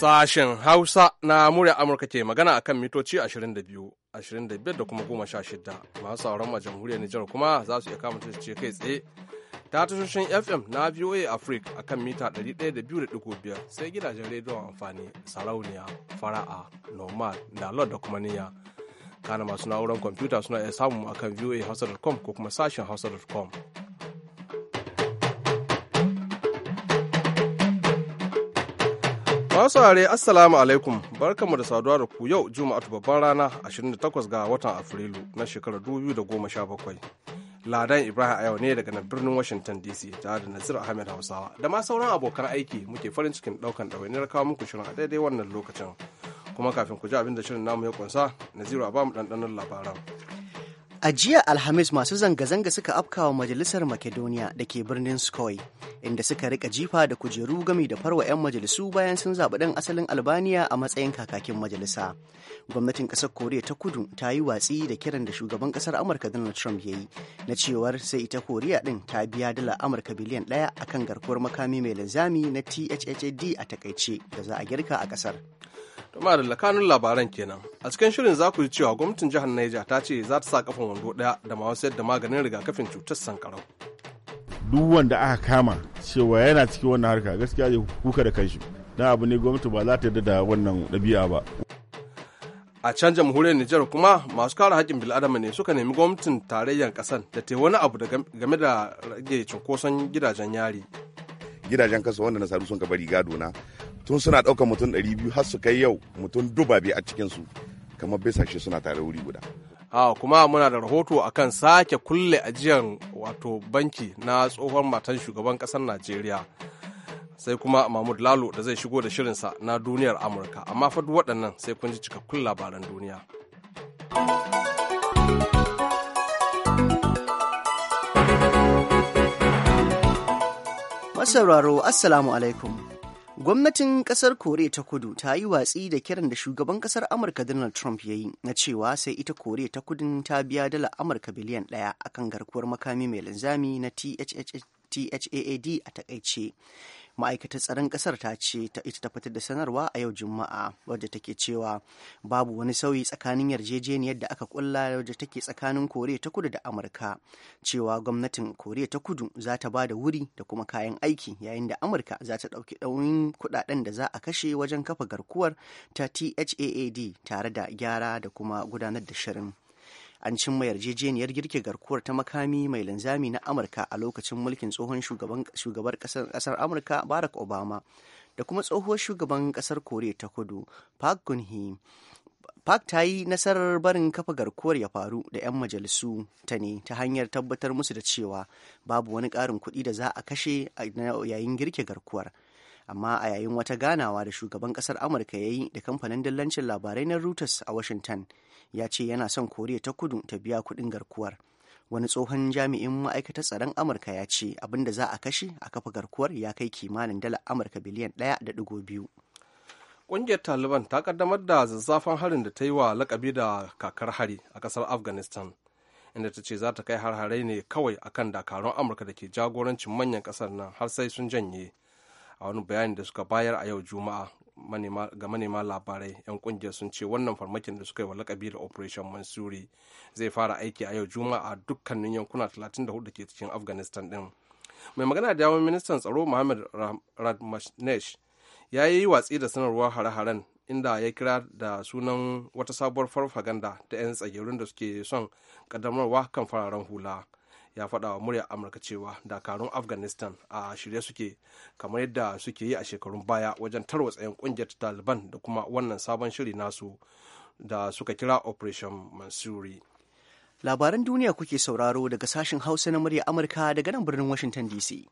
Sashen Hausa na murya Amurka ke magana akan mitoci 22, 25 da kuma 16. Masu sauran a jamhuriyar Nijar kuma za su iya kama ce kai tsaye. Ta tashoshin FM na VOA Africa akan mita 102.5 sai gidajen rediyon amfani sarauniya, fara'a, da lord da kuma niyya. Kana masu na'urar kwamfuta suna iya samu akan voahausa.com ko kuma sashen hausa.com. Masu are Assalamu alaikum barkamu da saduwa da ku yau Juma'atu babban rana 28 ga watan Afrilu na shekarar 2017. Ladan Ibrahim a yau ne daga nan birnin Washington DC tare da Nazir Ahmed Hausawa da ma sauran abokan aiki muke farin cikin daukan ɗawainiyar kawo muku shirin a daidai wannan lokacin. Kuma kafin ku ji abin da shirin namu ya kunsa, Naziru a ba mu ɗanɗanon labaran. A jiya Alhamis masu zanga-zanga suka afka wa majalisar Makedoniya da ke birnin Skoy, inda suka rika jifa da kujeru gami da farwa 'yan majalisu bayan sun zaɓi ɗan asalin Albaniya a matsayin kakakin majalisa. Gwamnatin ƙasar Koriya ta kudu ta yi watsi da kiran da shugaban ƙasar Amurka Donald Trump ya yi, na cewar sai ita Koriya ɗin ta biya dala Amurka biliyan ɗaya akan garkuwar makami mai linzami na THHAD a takaice da za a girka a ƙasar. Tuma da lakanun labaran kenan. A cikin shirin za ku ji cewa gwamnatin jihar Niger ta ce za ta sa kafin wando daya da ma wasu da maganin rigakafin cutar sankarau. Duk wanda aka kama cewa yana cikin wannan harka gaskiya zai kuka da kanshi. Dan abu ne gwamnati ba za ta yarda da wannan dabi'a ba. a can jamhuriyar Nijar kuma masu kare haƙƙin bil'adama ne suka nemi gwamnatin tarayyar ƙasar da ta yi wani abu game da rage cunkoson gidajen yari. Gidajen kasa wanda na saru sun ka bari gado na tun suna ɗaukar mutum ɗari biyu har su kai yau mutum duba biyu a cikinsu kamar shi suna tare wuri guda. a kuma muna da rahoto akan sake kulle ajiyar wato banki na tsohon matan shugaban ƙasar najeriya sai kuma mahmud lalo da zai shigo da shirinsa na duniyar amurka amma fa waɗannan sai kun ji cikakkun labaran duniya. Masauraro, Assalamu alaikum. Gwamnatin kasar Koriya ta Kudu ta yi watsi da kiran da shugaban kasar Amurka Donald Trump ya yi na cewa sai ita Koriya ta Kudun ta biya dala Amurka biliyan ɗaya akan garkuwar makami mai linzami na THAAD a takaice. ma'aikatar tsaron kasar ta ce ta ita ta fitar da sanarwa a yau juma'a wadda take cewa babu wani sauyi tsakanin yarjejeniyar da aka kulla wadda take tsakanin koriya ta kudu da amurka cewa gwamnatin koriya ta kudu za ta ba da wuri da kuma kayan aiki yayin da amurka za ta ɗauki ɗauyin kuɗaɗen da za a kashe wajen kafa garkuwar ta thaad tare da gyara da kuma gudanar da shirin an cimma yarjejeniyar girke garkuwar ta makami mai linzami na amurka a lokacin mulkin tsohon shugabar kasar amurka barack obama da kuma tsohuwar shugaban kasar koriya ta kudu park geun hye park ta yi nasarar barin kafa garkuwar ya faru da 'yan majalisu ta ne ta hanyar tabbatar musu da cewa babu wani ƙarin kuɗi da za a kashe yayin girke garkuwar amma a yayin wata ganawa da shugaban kasar amurka ya yi da kamfanin dillancin labarai na reuters a washington ya ce yana son koriya ta kudu ta biya kuɗin garkuwar wani tsohon jami'in ma'aikatar tsaron amurka ya ce abin da za a kashe a kafa garkuwar ya kai kimanin dala amurka biliyan ɗaya da ɗigo biyu ƙungiyar taliban ta kaddamar da zazzafan harin da ta yi wa lakabi da kakar hari a ƙasar afghanistan inda ta ce za ta kai har ne kawai akan dakarun amurka da ke jagorancin manyan ƙasar nan har sai sun janye a wani bayani da suka bayar a yau juma'a ga manema labarai 'yan kungiyar sun ce wannan farmakin da suka yi wa lakabi da operation mansuri zai fara aiki a yau juma'a dukkanin yankuna 34 da ke cikin afghanistan din mai magana da yawon ministan tsaro mohammed radmashnesh ya yi watsi da sanarwar hare-haren inda ya kira da sunan wata sabuwar farfaganda ta 'yan tsagerun da suke son kaddamarwa kan fararen hula. ya faɗa wa muryar amurka cewa dakarun afghanistan a shirye suke kamar yadda suke yi a shekarun baya wajen tarwatsa ƙungiyar kungiyar taliban da kuma wannan sabon shiri nasu da suka kira operation mansuri labaran duniya kuke sauraro daga sashen hausa na murya amurka daga nan birnin washington dc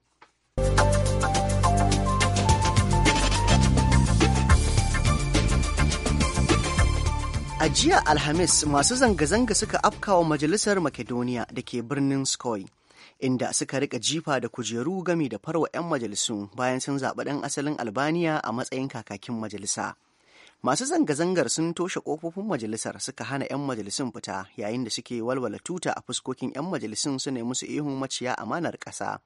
A jiya Alhamis masu zanga-zanga suka afkawa Majalisar Makedoniya da ke birnin Skoy, inda suka rika jifa da kujeru gami da farwa 'yan majalisu bayan sun zaɓi ɗan asalin Albaniya a matsayin kakakin majalisa. Masu zanga-zangar sun toshe kofofin majalisar suka hana 'yan majalisun fita yayin da suke walwala tuta a fuskokin 'yan majalisun su ne musu ihun maciya amanar ƙasa.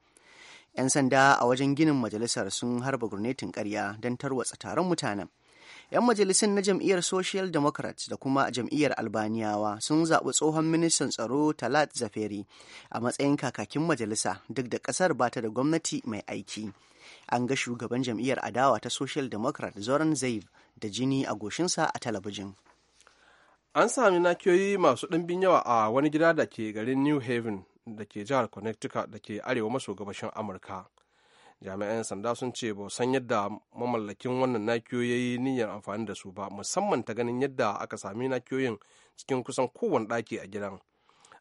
'Yan sanda a wajen ginin majalisar sun harba gurnetin ƙarya don tarwatsa taron mutanen. 'Yan majalisun na jam'iyyar Social Democrats da kuma jam'iyyar Albaniyawa sun zaɓi tsohon ministan tsaro Talat Zaferi a matsayin kakakin majalisa duk da ƙasar ba ta da gwamnati mai aiki. An ga shugaban jam'iyyar adawa ta Social Democrat Zoran Zaev da jini a goshinsa a talabijin. An sami nakiyoyi masu ɗimbin yawa a wani gida da ke garin New Haven da ke jihar Connecticut da ke arewa maso gabashin Amurka. jami'an sanda sun ce ba san yadda mamallakin wannan nakiyoyi ya niyyar amfani da su ba musamman ta ganin yadda aka sami nakiyoyin cikin kusan kowane ɗaki a gidan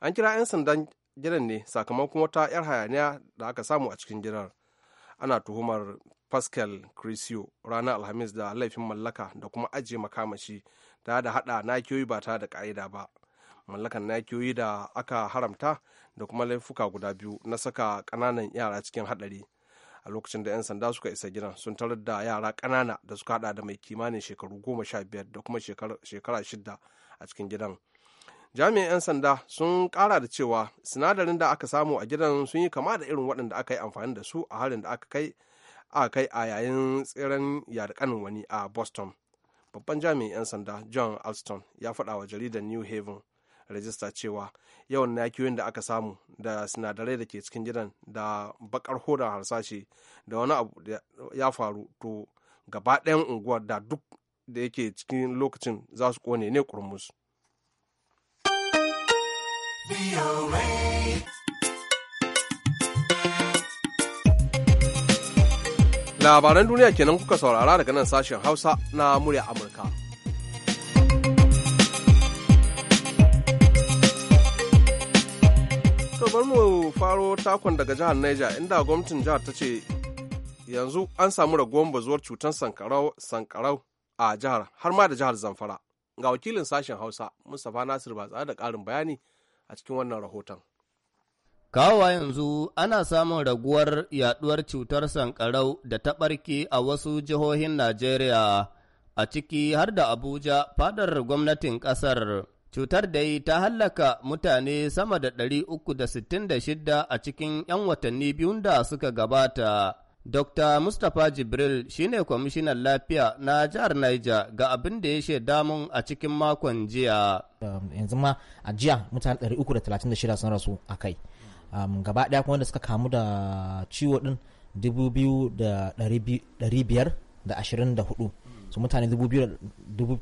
an kira 'yan sandan gidan ne sakamakon wata 'yar hayaniya da aka samu a cikin gidan ana tuhumar pascal crisio ranar alhamis da laifin mallaka da kuma ajiye makamashi ta da hada nakiyoyi ba ta da ka'ida ba mallakan nakiyoyi da aka haramta da kuma laifuka guda biyu na saka ƙananan yara cikin haɗari a lokacin da 'yan sanda suka isa gidan sun tarar da yara ƙanana da suka hada da mai kimanin shekaru goma sha biyar da kuma shekara shida a cikin gidan jami'an 'yan sanda sun kara da cewa sinadarin da aka samu a gidan sun yi kama da irin waɗanda aka yi amfani da su a harin da aka kai a kai a yayin tseren yarkanin wani a boston babban jami'in 'yan sanda john alston ya faɗa wa jaridar new haven rajista cewa yawan nakiyoyin da aka samu da sinadarai da ke cikin gidan da bakar hodar harsashe da wani abu ya faru to gaba ɗayan unguwar da duk da yake cikin lokacin za su kone ne kurmus. Labaran duniya kenan kuka saurara daga nan sashen Hausa na murya Amurka. bar mu faro takon daga jihar Niger inda gwamnatin jihar ta ce yanzu an samu raguwar bazuwar cutar sankarau a jihar har ma da jihar Zamfara. Ga wakilin sashen Hausa Mustapha Nasir ba da ƙarin bayani a cikin wannan rahoton. Kawa yanzu ana samun raguwar yaduwar cutar sankarau da ta ɓarke a wasu jihohin Najeriya a ciki har da Abuja fadar gwamnatin ƙasar. Cutar da yi ta hallaka mutane sama da 366 a cikin 'yan watanni biyun da suka gabata. Dr. Mustapha Jibril shine kwamishinan lafiya na jihar Niger ga abin da ya shaida mun a cikin makon jiya. Um, yanzu ma a jiya mutane 336 sun rasu a kai. Um, gaba ɗaya kuma da suka kamu da ciwo ɗin 2,524 su mutane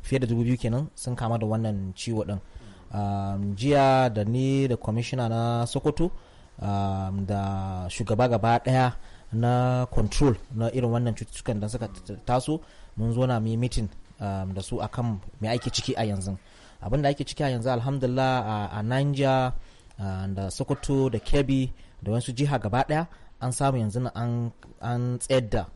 fiye da dubu biyu kenan sun kama da wannan ciwo din um, jiya da ni da kwamishina na sokoto um, da shugaba gaba daya na control na irin wannan cututtukan da suka taso mun zo na mai mitin um, da su akan mai aiki ciki a yanzu abinda ake ciki a yanzu alhamdulillah a niger da sokoto da kebbi da wasu jiha gaba daya an samu yanzu an tsayar da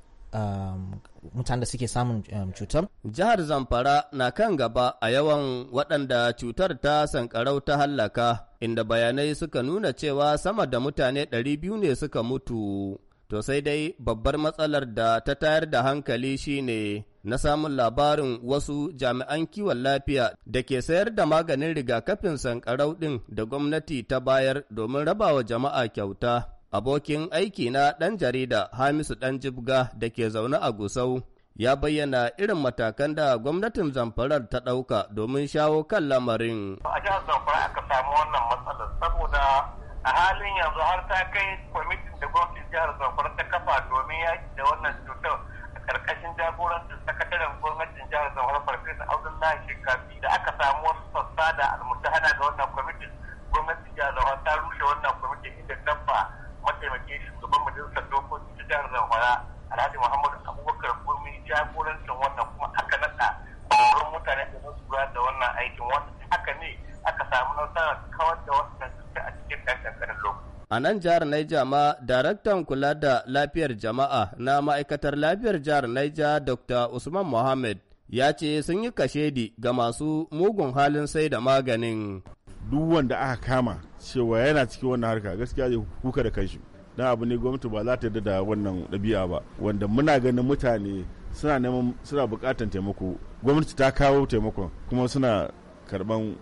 mutanen da suke samun um, cutar. Jihar Zamfara na kan gaba a yawan waɗanda cutar ta sankarau ta hallaka, inda bayanai suka nuna cewa sama da mutane 200 ne suka mutu. To sai dai babbar matsalar da ta tayar da hankali shine na samun labarin wasu jami'an kiwon lafiya da ke sayar da maganin rigakafin sankarau ɗin da gwamnati ta bayar domin rabawa jama'a kyauta. Abokin aiki na ɗan jarida Hamisu ɗan jibga da ke zaune a Gusau ya bayyana irin matakan da gwamnatin zamfarar ta ɗauka domin shawo kan lamarin. A jihar zamfara aka samu wannan matsalar saboda a halin yanzu har ta kai kwamitin da gwamnatin jihar zamfara ta kafa domin yaki da wannan cutar a ƙarƙashin jagorancin sakataren gwamnatin jihar zamfara farfesa abdullahi shekafi da aka samu wasu sassa da almutahana ga wannan kwamitin gwamnatin jihar zamfara ta rushe wannan kwamitin inda dabba mataimakin shugaban majalisar dokoki ta jihar zamfara alhaji muhammadu abubakar gurmi jagorancin wannan kuma aka naɗa ƙwararrun mutane da su da wannan aikin wanda haka ne aka samu nasarar kawar da wannan cuta a cikin ɗan ƙanƙanin lokaci. A nan jihar Naija ma, daraktan kula da lafiyar jama'a na ma'aikatar lafiyar jihar Naija Dr. Usman Mohammed ya ce sun yi kashedi ga masu mugun halin sai da maganin. duk wanda aka kama cewa yana cikin wannan harka gaskiya zai kuka da kanshi dan abu ne gwamnati ba za ta yarda da wannan ɗabi'a ba wanda muna ganin mutane suna neman suna buƙatar taimako gwamnati ta kawo taimakon kuma suna karban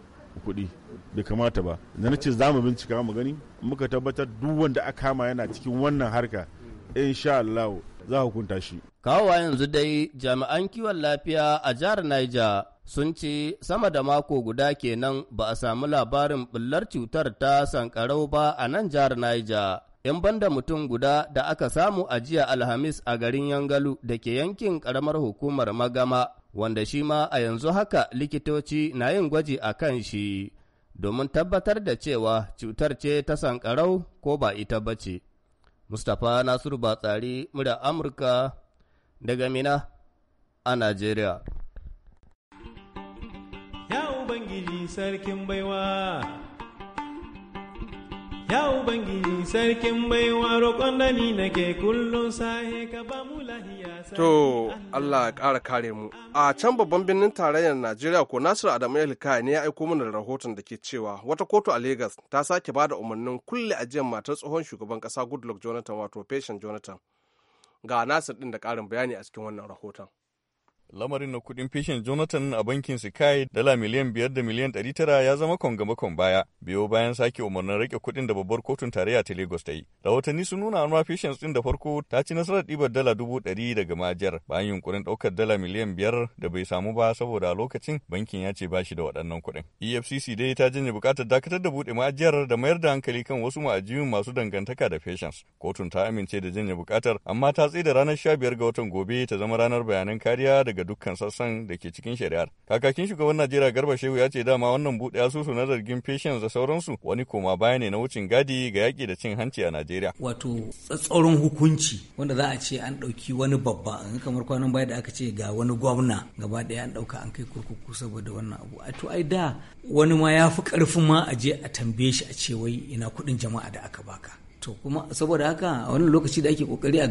kuɗi bai kamata ba da na ce za mu bincika mu gani muka tabbatar duk wanda aka kama yana cikin wannan harka insha Allah za hukunta shi Kawowa yanzu dai jami'an kiwon lafiya a jihar Niger sun ce sama da mako guda kenan ba a samu labarin bullar cutar ta sankarau ba a nan jihar Niger. ‘Yan banda mutum guda da aka samu a jiya Alhamis a garin Yangalu da ke yankin karamar hukumar Magama, wanda shi ma a yanzu haka likitoci na yin gwaji a kan shi domin tabbatar da cewa cutar ce ta sankarau ko ba ita ba ce. Mustapha Nasiru Batsari, murya Amurka, daga Mina a Najeriya. Ya Ubangiji sarkin baiwa, Ya Ubangiji sarkin baiwa roƙon da ni nake kullum sahe ka ba mu lahiya To, Allah ƙara kare mu. A can babban birnin tarayyar Najeriya ko Nasiru Adamu Yalika ne ya aiko mana rahoton da ke cewa wata kotu a Legas ta sake ba da umarnin kulle ajiyar matar tsohon shugaban ƙasa Goodluck Jonathan wato Patient Jonathan. ga nasir ɗin da ƙarin bayani a cikin wannan rahoton Lamarin na kudin fishin Jonathan a bankin Sky dala miliyan biyar da miliyan ɗari tara ya zama kwanga-makon baya, biyo bayan sake umarnin rike kudin da babbar kotun tarayya ta Lagos ta yi. Rahotanni sun nuna Anwar Fishin din da farko ta ci nasarar ɗibar dala dubu ɗari daga majiyar bayan yunkurin ɗaukar dala miliyan biyar da bai samu ba saboda a lokacin bankin ya ce ba shi da waɗannan kuɗin. EFCC dai ta janye buƙatar dakatar da buɗe ma'ajiyar da mayar da hankali kan wasu ma'ajiyun masu dangantaka da Fashions. Kotun ta amince da janye buƙatar amma ta tsaye da ranar sha biyar ga watan gobe ta zama ranar bayanan kariya daga ga dukkan sassan da ke cikin shari'ar. Kakakin shugaban Najeriya Garba Shehu ya ce dama wannan buɗe asusu na zargin fashion da sauransu wani koma baya ne na wucin gadi ga yaƙi da cin hanci a Najeriya. Wato tsatsauran hukunci wanda za a ce an ɗauki wani babba kamar kwanan baya da aka ce ga wani gwamna gaba ɗaya an ɗauka an kai kurkuku saboda wannan abu. A to ai da wani ma ya fi ƙarfin ma a je a tambaye shi a ce wai ina kuɗin jama'a da aka baka. to kuma saboda haka a wannan lokaci da ake kokari a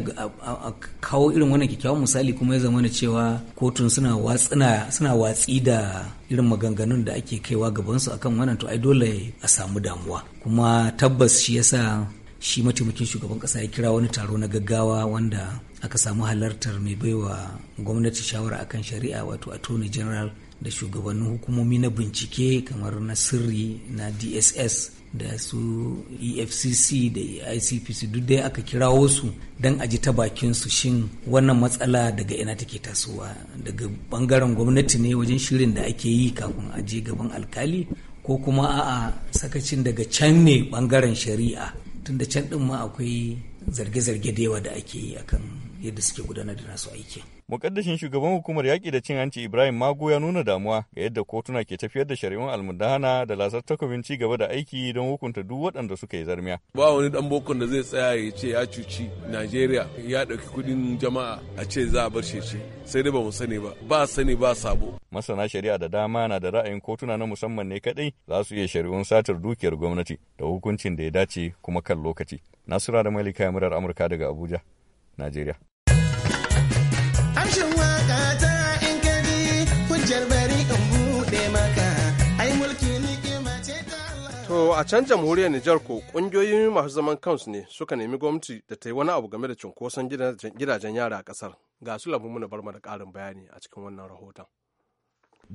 kawo irin wannan kyakkyawan misali kuma ya zama na cewa kotun suna watsina suna watsi da irin maganganun da ake kaiwa gabansu akan wannan to ai dole a samu damuwa kuma tabbas shi yasa shi mataimakin shugaban kasa ya kira wani taro na gaggawa wanda aka samu halartar mai baiwa gwamnati shawara akan shari'a wato attorney general da shugabannin hukumomi na bincike kamar na sirri na dss da su efcc da icpc duk dai aka kirawo su don a ji ta bakin su shin wannan matsala daga ina take tasowa daga bangaren gwamnati ne wajen shirin da ake yi kafin a je gaban alkali ko kuma a'a sakacin daga can ne bangaren shari'a tunda can din ma akwai zarge-zarge da yawa da ake yi akan yadda suke gudanar da nasu aiki. Mukaddashin shugaban hukumar yaƙi da cin hanci Ibrahim Mago ya nuna damuwa ga yadda kotuna ke tafiyar da shari'un almudahana da lasar takobin ci gaba da aiki don hukunta duk waɗanda suka yi zarmiya. Ba wani dan bokon da zai tsaya ya ce ya cuci Najeriya ya ɗauki kuɗin jama'a a ce za a bar shi sai dai ba mu sani ba ba sani ba sabo. Masana shari'a da dama na da ra'ayin kotuna na musamman ne kaɗai za su iya shari'un satar dukiyar gwamnati da hukuncin da ya dace kuma kan lokaci. Nasura da Malika murar Amurka daga Abuja, Najeriya. in a can jamhuriyar Nijar ko kungiyoyi masu zaman kansu ne suka nemi gwamnati da ta yi wani abu game da cunkoson gidajen yara a kasar Ga su lamu muna bar da karin bayani a cikin wannan rahoton.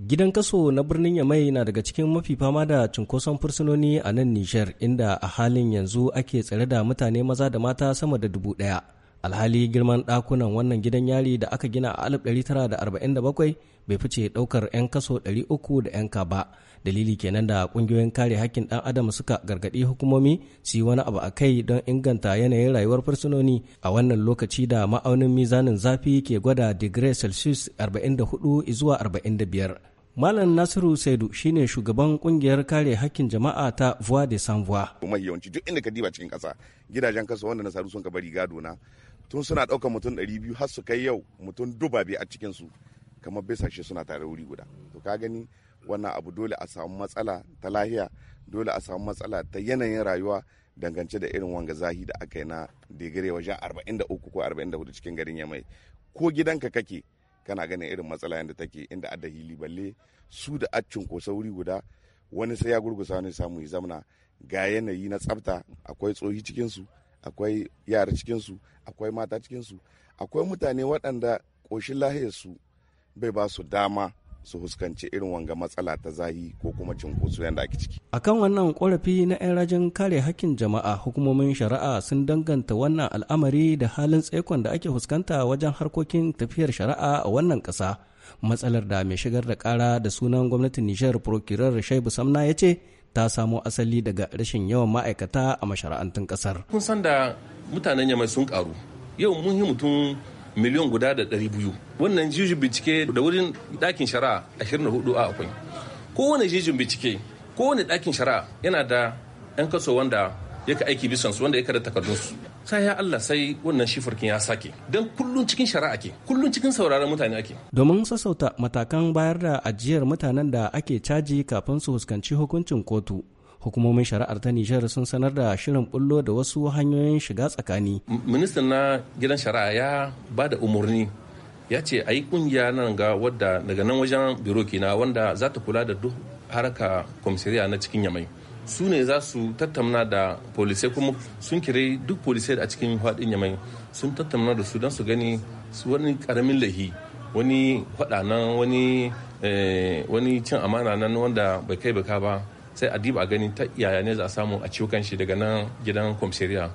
Gidan kaso na birnin Yamai na daga cikin mafi fama da cunkoson fursunoni a nan Nijar inda a halin yanzu ake tsare da mutane maza da mata sama da dubu ɗaya. alhali girman ɗakunan wannan gidan yari da aka gina a 1947 bai fice ɗaukar 'yan kaso 300 da 'yan ba dalili kenan da ƙungiyoyin kare hakkin ɗan adam suka gargaɗi hukumomi su yi wani abu a kai don inganta yanayin rayuwar fursunoni a wannan lokaci da ma'aunin mizanin zafi ke gwada digire celsius 44 zuwa 45 Malam Nasiru Saidu shine shugaban ƙungiyar kare hakkin jama'a ta Voix de Sans Voix. yawanci duk inda ka diba cikin ƙasa gidajen kasa wanda na sun ka bari gado na tun suna ɗaukar mutum ɗari biyu har su kai yau mutum duba biyu a cikin su kamar bisashe suna tare wuri guda to ka gani wannan abu dole a samu matsala ta lahiya dole a samu matsala ta yanayin rayuwa dangance da irin wanga zahi da aka yi na digire wajen 43 ko 44 cikin garin yamai ko gidanka kake kana ganin irin matsala yadda take inda adda hili balle su da accin ko sauri guda wani sai ya gurgusa ne samu ya zamna ga yanayi na tsafta akwai tsohi cikinsu akwai yara cikinsu akwai mata cikinsu akwai mutane waɗanda ƙoshin lahiyarsu bai ba su dama su huskanci irin wanga matsala ta zahi ko kuma cinkoso yadda ake ciki. Akan wannan korafi na 'yan rajin kare hakkin jama'a hukumomin shari'a sun danganta wannan al'amari da halin tsaikon da ake fuskanta wajen harkokin tafiyar shari'a a wannan ƙasa. Matsalar da mai shigar da ƙara da sunan gwamnatin Nijar Prokirar Shaibu Samna ya ce ta samo asali daga rashin yawan ma'aikata a mashara'antun kasar. Kun san da mutanen yamai sun karu. Yau mun yi mutum miliyan guda da ɗari biyu. Wannan jijin bincike da wurin ɗakin shari'a ashirin da hudu a akwai. Kowane jijin bincike, kowane ɗakin shari'a yana da 'yan kaso wanda ka aiki bisan su wanda ya da takardun su sai ya Allah sai wannan shifurkin ya sake dan kullun cikin shari'a ke kullun cikin sauraron mutane ake domin sassauta matakan bayar da ajiyar mutanen da ake caji kafin su fuskanci hukuncin kotu hukumomin shari'ar ta Nijar sun sanar da shirin bullo da wasu hanyoyin shiga tsakani. Ministan na gidan shari'a ya ba da umarni ya ce a yi kungiya nan ga wadda daga nan wajen biro kina wanda za ta kula da duk harka komisariya na cikin yamai. su ne za su tattauna da polisai kuma sun kire duk polisai a cikin faɗin yamai sun tattauna da su don su gani su wani karamin lahi wani faɗa nan wani eh, wani cin amana nan wanda bai kai baka ba sai a diba gani ta yaya ne za a samu a ciwo shi daga nan gidan kwamshiriya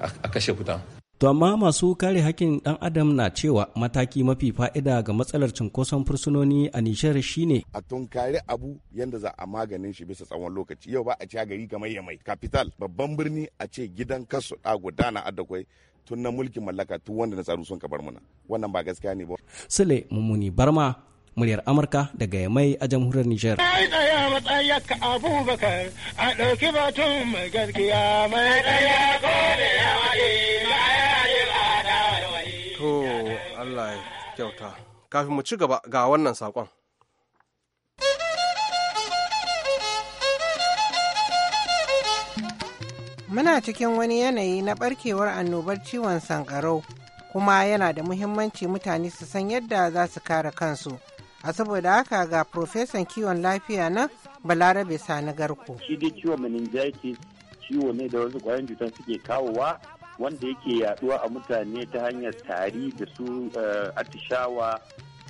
a kashe kuta To amma masu kare hakkin ɗan adam na cewa mataki mafi fa'ida ga matsalar cunkoson fursunoni a nishar shine a tunkari abu yadda za a maganin shi bisa tsawon lokaci yau ba a ci gari kamar mai capital babban birni a ce gidan kasu a gudana adakwai tun na mulkin mallaka tun wanda na tsaro sun kabar muna wannan ba gaskiya ne ba sule mummuni barma muryar amurka daga yamai a jamhuriyar nijar To Allah ya kyauta. Kafin mu ci gaba ga wannan saƙon. Muna cikin wani yanayi na barkewar annobar ciwon sankarau kuma yana da muhimmanci mutane su san yadda za su kare kansu. A saboda haka ga Profesan kiwon lafiya na Balarabe Sani Garko. Shi dai ciwon meningitis ciwo ne da wasu ƙwayan cutar suke kawowa wanda yake yaduwa a mutane ta hanyar tari da su eh, atishawa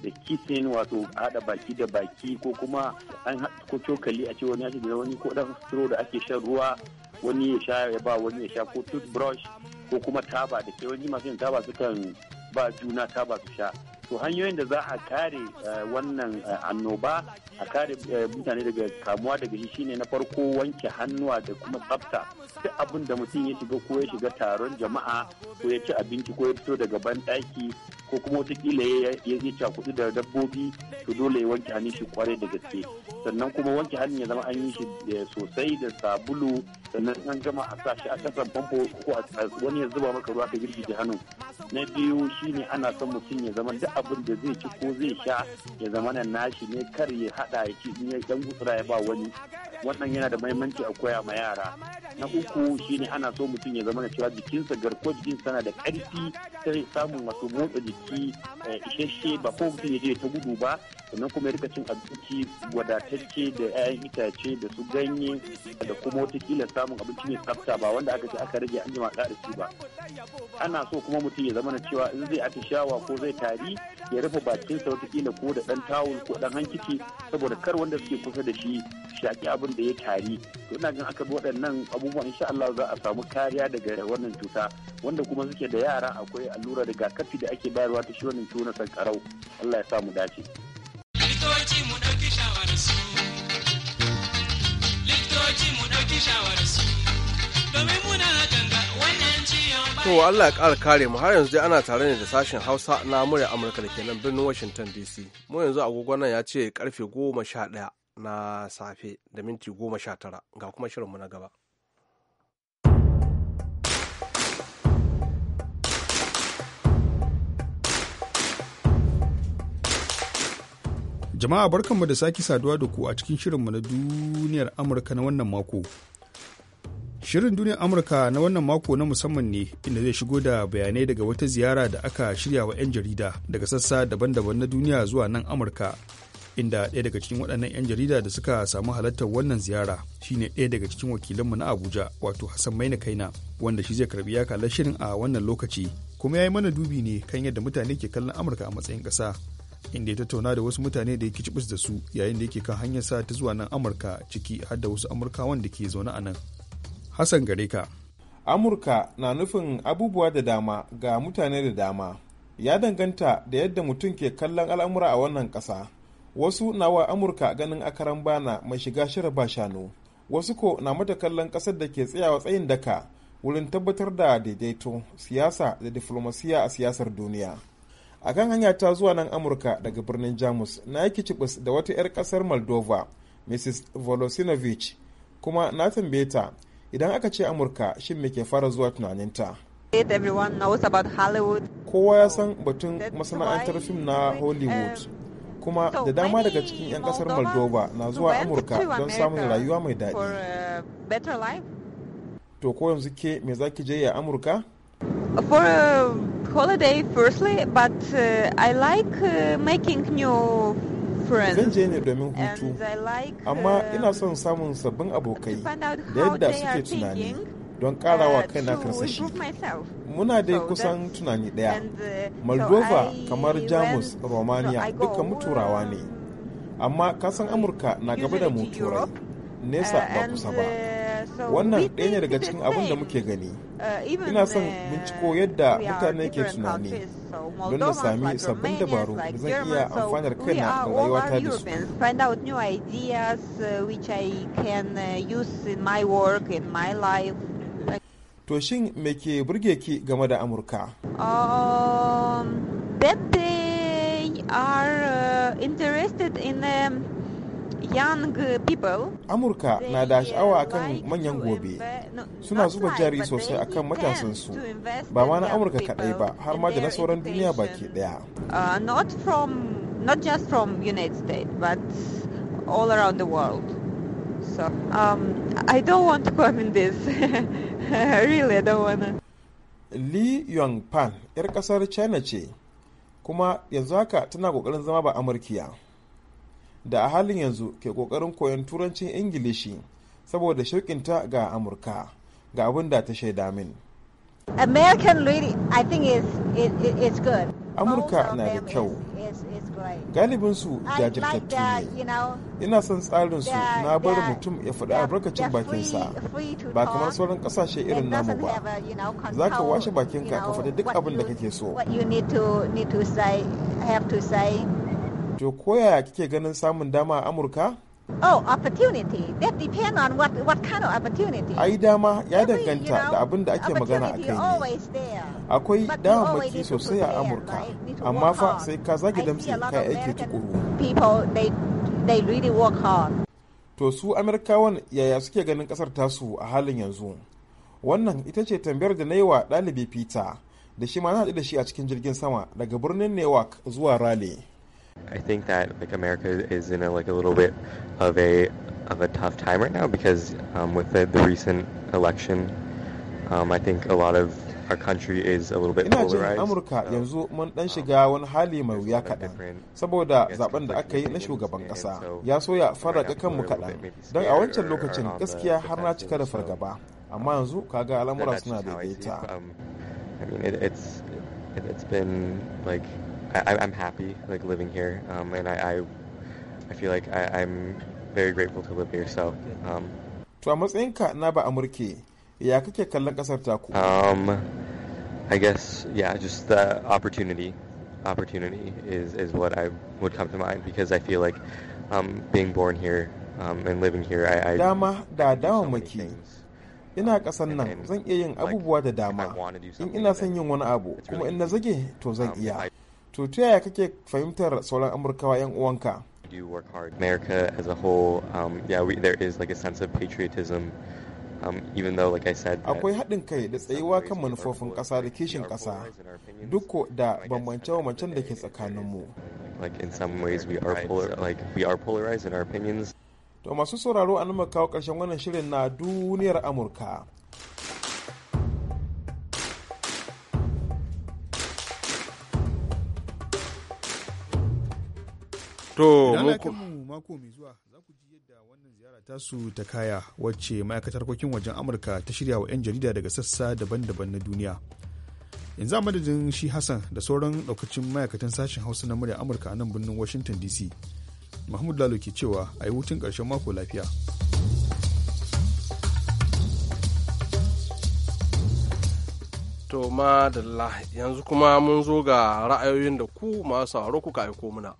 da kisin wato hada baki da baki ko kuma an ko cokali a ce wani da wani ko dan stro da ake shan ruwa wani ya sha ya ba wani ya sha ko toothbrush ko kuma taba da ke wani masu yin taba sukan ba juna taba su sha to hanyoyin da za a kare eh, wannan eh, annoba a kare eh, mutane daga kamuwa daga shi shine na farko wanke hannuwa da kuma tsafta duk abin da mutum ya shiga ko ya shiga taron jama'a ko ya ci abinci ko ya fito daga banɗaki ko kuma wataƙila ya je cakudu da dabbobi to dole ya wanke hannun shi kwarai da gaske sannan kuma wanke hannun ya zama an yi shi sosai da sabulu sannan an gama a sa shi a kasan famfo ko wani ya zuba maka ruwa ka girgije hannu na biyu shine ana son mutum ya zama duk abin da zai ci ko zai sha ya zama nan nashi ne kar ya hada ya ci in ya dan gutsura ya ba wani wannan yana da mahimmanci a koya ma yara na uku shine ana so mutum ya zama na cewa jikinsa garko jikinsa na da karfi sai samun wasu motsa jiki eh, isasshe ba ko mutum ya je ta gudu ba sannan kuma ya cin abinci wadatacce da 'ya'yan itace da su ganye da kuma watakila samun abinci mai tsafta ba wanda aka ce aka rage an jima ƙara ci ba ana so kuma mutum ya zama na cewa in zai atishawa ko zai tari ya rufe bakinsa watakila ko da ɗan tawul ko dan hankici saboda kar wanda suke kusa da shi shaki abin da ya tari to ina gan aka bi waɗannan abubuwan insha Allah za a samu kariya daga wannan cuta wanda kuma suke da yara akwai allura rigakafi da ake bayarwa ta shi wannan ciwo na sankarau Allah ya sa mu dace. to Allah ya ƙara kare mu har yanzu dai ana tare ne da sashen Hausa na murya Amurka da ke nan birnin Washington DC mu yanzu agogon nan ya ce karfe goma sha ɗaya na safe da minti goma sha tara ga kuma shirin mu na gaba. Jama'a barkanmu da sake saduwa da ku a cikin shirinmu na duniyar Amurka na wannan mako. Shirin duniyar Amurka na wannan mako na musamman ne inda zai shigo da bayanai daga wata ziyara da aka shirya wa 'yan jarida daga sassa daban-daban na duniya zuwa nan Amurka. Inda ɗaya daga cikin waɗannan 'yan jarida da suka samu halartar wannan ziyara shine ɗaya daga cikin wakilanmu na Abuja wato Hassan Maina Kaina wanda shi zai karbi yakalar shirin a wannan lokaci kuma ya yi mana dubi ne kan yadda mutane ke kallon Amurka a matsayin ƙasa inda ya tattauna da wasu mutane da ya kicibis da su yayin da yake kan hanyar sa ta zuwa nan amurka ciki har da wasu amurkawan da ke zaune a nan hassan gare ka amurka na nufin abubuwa da dama ga mutane da dama ya danganta da yadda mutum ke kallon al'amura a wannan ƙasa wasu na wa amurka ganin akaran bana mai shiga shira ba shanu wasu ko na mata kallon ƙasar da ke tsayawa tsayin daka wurin tabbatar da daidaito siyasa da diflomasiya a siyasar duniya a kan hanya ta zuwa nan amurka daga birnin jamus na yake cibis da wata 'yar kasar moldova mrs volosinovich kuma na tambaye ta idan aka ce amurka shin me ke fara zuwa tunaninta kowa ya san batun masana'antar fim na hollywood kuma da dama daga cikin 'yan kasar moldova na zuwa amurka don samun rayuwa mai daɗi to ko yanzu ke me zaki je ya amurka holiday firstly, but uh, I like uh, making new friends. Zan je ne domin hutu, amma uh, ina son samun sabbin abokai da yadda suke tunani don karawa uh, kaina karsashi. Muna dai kusan tunani ɗaya. Uh, Moldova kamar Jamus, Romania duka muturawa ne. Amma kasan Amurka na gaba da mu nesa ba kusa ba. wannan ɗaya ne daga cikin abin da muke gani uh, ina son binciko yadda mutane ke tunani don na sami sabbin dabaru da zan iya amfanar kaina da ta da su uh, uh, to shin me ke burge ki game da amurka um, that they are uh, interested in um, young people. Amurka na da sha'awa akan manyan gobe. Suna zuba jari sosai akan matasansu. Ba ma na Amurka kadai ba, har ma da na sauran duniya baki daya uh, Not from not just from United States, but all around the world. So um, I don't want to comment this. really, I don't wanna. Li Yongpan, 'yar kasar China ce, kuma yanzu haka tana kokarin zama ba Amurkiya. da a halin yanzu ke kokarin koyon turancin ingilishi saboda shauƙinta ga amurka ga abin da ta shaida min amurka na da kyau galibinsu jajirtattu ne ina son tsarinsu na bar mutum ya faɗi albarkacin bakinsa ba kamar sauran ƙasashe irin namu ba za ka washe bakinka ka faɗi duk abin da kake so To koya kike ganin samun dama a Amurka? Oh, opportunity. That depend on what, what kind of opportunity. Ai dama ya danganta da abin da ake magana a kai ne. Akwai damammaki sosai a Amurka, amma fa sai ka zage damtse ka aiki tukuru. People, they, they really work hard. To su Amerikawan yaya suke ganin kasar tasu a halin yanzu? Wannan ita ce tambayar da na yi wa ɗalibi Peter, da shi ma na haɗu da shi a cikin jirgin sama daga birnin Newark zuwa Raleigh. I think that like America is in a, like a little bit of a of a tough time right now because um, with the, the recent election, um, I think a lot of our country is a little bit ina amurka yanzu mun dan um, shiga wani hali mai wuya kaɗan saboda zaben da aka yi na shugaban ƙasa ya farraga kanmu kaɗan don a wancan lokacin uh, gaskiya har na cika da fargaba amma um, yanzu kaga al'amura suna daidaita um, I mean, it, it's, it's been like I, am happy like living here, um, and I, I, I feel like I, am very grateful to live here. So. Um, Um, I guess yeah, just the opportunity. Opportunity is is what I would come to mind because I feel like um, being born here um, and living here, I, I dama da damammaki. Um, ina kasan nan zan iya yin abubuwa da dama in ina son yin wani abu kuma in na zage to zan um, iya. to ta yaya kake fahimtar sauran amurkawa 'yan uwanka work hard. America as akwai haɗin kai da tsayuwa kan manufofin ƙasa da kishin ƙasa duk da bambance-bambancen da ke tsakaninmu. To masu sauraro a an kawo ƙarshen wannan shirin na duniyar Amurka. To, mako mai zuwa za ku ji yadda wannan ziyara ta su ta kaya wacce ma'aikatar harkokin wajen Amurka ta shirya wa 'yan jarida daga sassa daban-daban na duniya. Yanzu a madadin shi Hassan da sauran ɗaukacin ma'aikatan sashen Hausa na murya Amurka a nan birnin Washington DC. Mahmud Lalo ke cewa a yi hutun ƙarshen mako lafiya. To, madalla yanzu kuma mun zo ga ra'ayoyin da ku masu kuka aiko mana.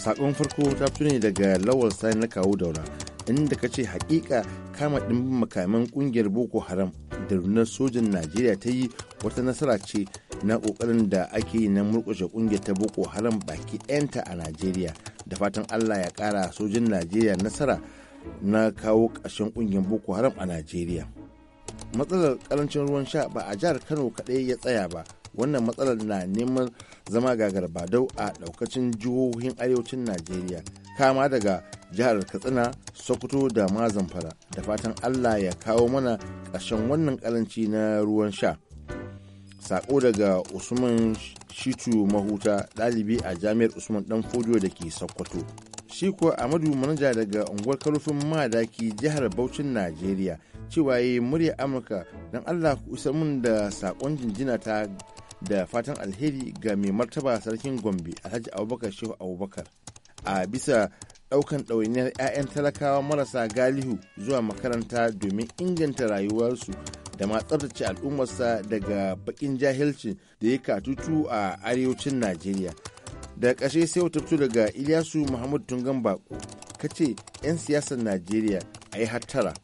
sakon farko ta fito ne daga lawal sani na kawo daura inda ka ce hakika kama ɗimbin makaman ƙungiyar boko haram da rundunar sojan najeriya ta yi wata nasara ce na ƙoƙarin da ake yi na murkushe ƙungiyar ta boko haram baki yanta a najeriya da fatan allah ya kara sojin najeriya nasara na kawo ƙarshen ƙungiyar boko haram a najeriya matsalar ƙarancin ruwan sha ba a jihar kano kaɗai ya tsaya ba wannan matsalar na neman zama gagar badau a daukacin jihohin arewacin najeriya kama daga jihar katsina sokoto da ma zamfara da fatan allah ya kawo mana ƙarshen wannan ƙaranci na ruwan sha sako daga usman shitu mahuta ɗalibi a jami'ar usman dan fodiyo da ke sokoto shi kuwa amadu manaja daga unguwar karufin madaki jihar Bauchin Najeriya cewa yi murya Amurka don Allah ku isa mun da sakon jinjina ta da fatan alheri ga mai martaba sarkin gombe alhaji abubakar shehu abubakar a bisa daukan ɗawainiyar 'ya'yan talakawa marasa galihu zuwa makaranta domin inganta rayuwarsu da ma tsabtace al'ummarsa daga bakin jahilci da ya katutu a arewacin najeriya da kashe sai wata fito daga iliyasu muhammadu tungan bako kace 'yan siyasar najeriya a yi hattara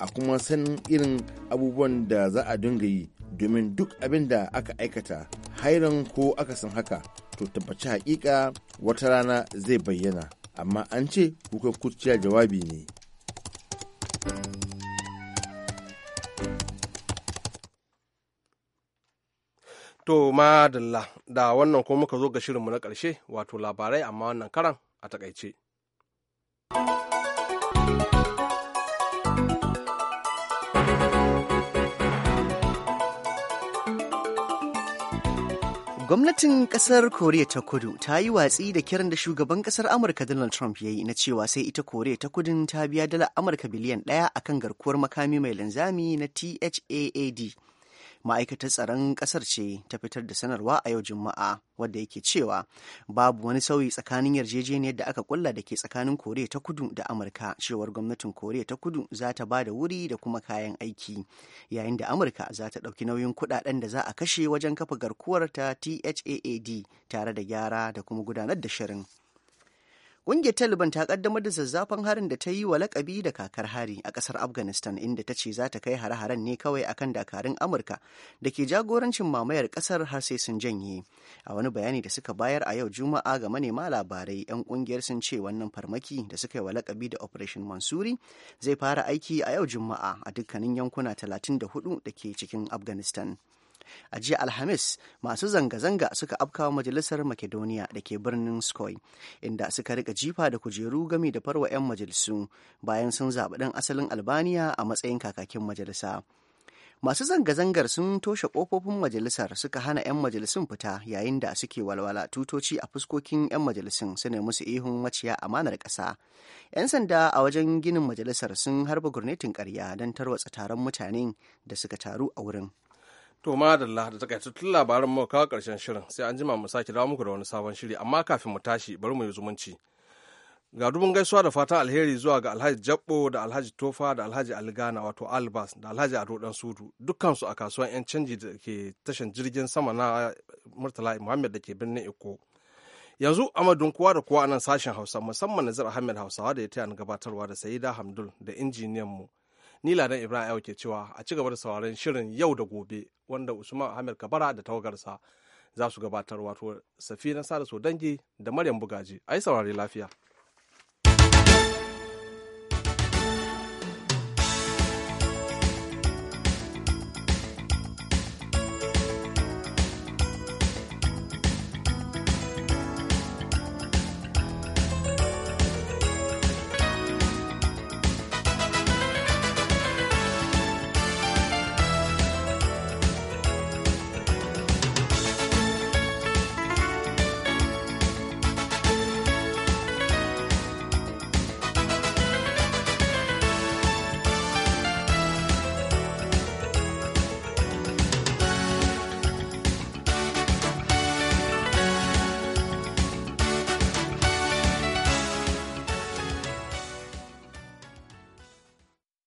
a kuma sanin irin abubuwan da za a dinga yi domin duk abin da aka aikata hairan ko aka san haka to tabbaci hakika wata rana zai bayyana amma an ce kuka kurciya jawabi ne to madalla da wannan ko muka zo ga shirinmu na ƙarshe wato labarai amma wannan karan a takaice. Gwamnatin ƙasar Koriya ta Kudu ta yi watsi da kiran da shugaban ƙasar Amurka Donald Trump ya yi na cewa sai ita Koriya ta Kudun ta biya dala Amurka biliyan ɗaya akan garkuwar makami mai linzami na THAAD ma'aikatar tsaron ƙasar ce ta fitar da sanarwa a yau juma'a wadda yake cewa babu wani sauyi tsakanin yarjejeniyar da aka kulla da ke tsakanin koriya ta kudu da amurka cewar gwamnatin koriya ta kudu za ta ba da wuri da kuma kayan aiki yayin da amurka za ta ɗauki nauyin kuɗaɗen da za a kashe wajen kafa garkuwar ta thaad tare da gyara da kuma gudanar da shirin Ƙungiyar Taliban ta kaddamar da zazzafan harin da ta yi wa lakabi da kakar hari a ƙasar Afghanistan inda ta ce za ta kai hare-haren ne kawai akan dakarun Amurka da ke jagorancin mamayar ƙasar har sai sun janye. A wani bayani da suka bayar a yau Juma'a ga manema labarai 'yan ƙungiyar sun ce wannan farmaki da suka yi wa lakabi da Operation Mansuri zai fara aiki a yau Juma'a a dukkanin yankuna 34 da ke cikin Afghanistan. a jiya alhamis masu zanga-zanga suka afkawa majalisar makedoniya da ke birnin skoy inda suka rika jifa da kujeru gami da farwa 'yan majalisu bayan sun zaɓi ɗan asalin albaniya a matsayin kakakin majalisa masu zanga-zangar sun toshe kofofin majalisar suka hana 'yan majalisun fita yayin da suke walwala tutoci a fuskokin 'yan majalisun suna musu ihun maciya amanar ƙasa 'yan sanda a wajen ginin majalisar sun harba gurnetin ƙarya don tarwatsa taron mutanen da suka taru a wurin To madalla da takaitattun labaran mu kawo karshen shirin sai an jima mu sake dawo muku da wani sabon shiri amma kafin mu tashi bari mu yi zumunci. Ga dubun gaisuwa da fatan alheri zuwa ga Alhaji Jabbo da Alhaji Tofa da Alhaji Aligana wato Albas da Alhaji Ado Dan Sudu dukkansu a kasuwan 'yan canji da ke tashan jirgin sama na Murtala Muhammad da ke birnin Eko. yanzu amadun kowa da kowa a nan sashen hausa musamman nazar ahmed hausawa da ya taya gabatarwa da saida hamdul da injiniyan mu ni ladan ibrahim ayo ke cewa a ci gaba da sauraron shirin yau da gobe wanda usman ahmed kabara da tawagarsa za su gabatar wato safina sada dangi da maryam bugaji a yi saurari lafiya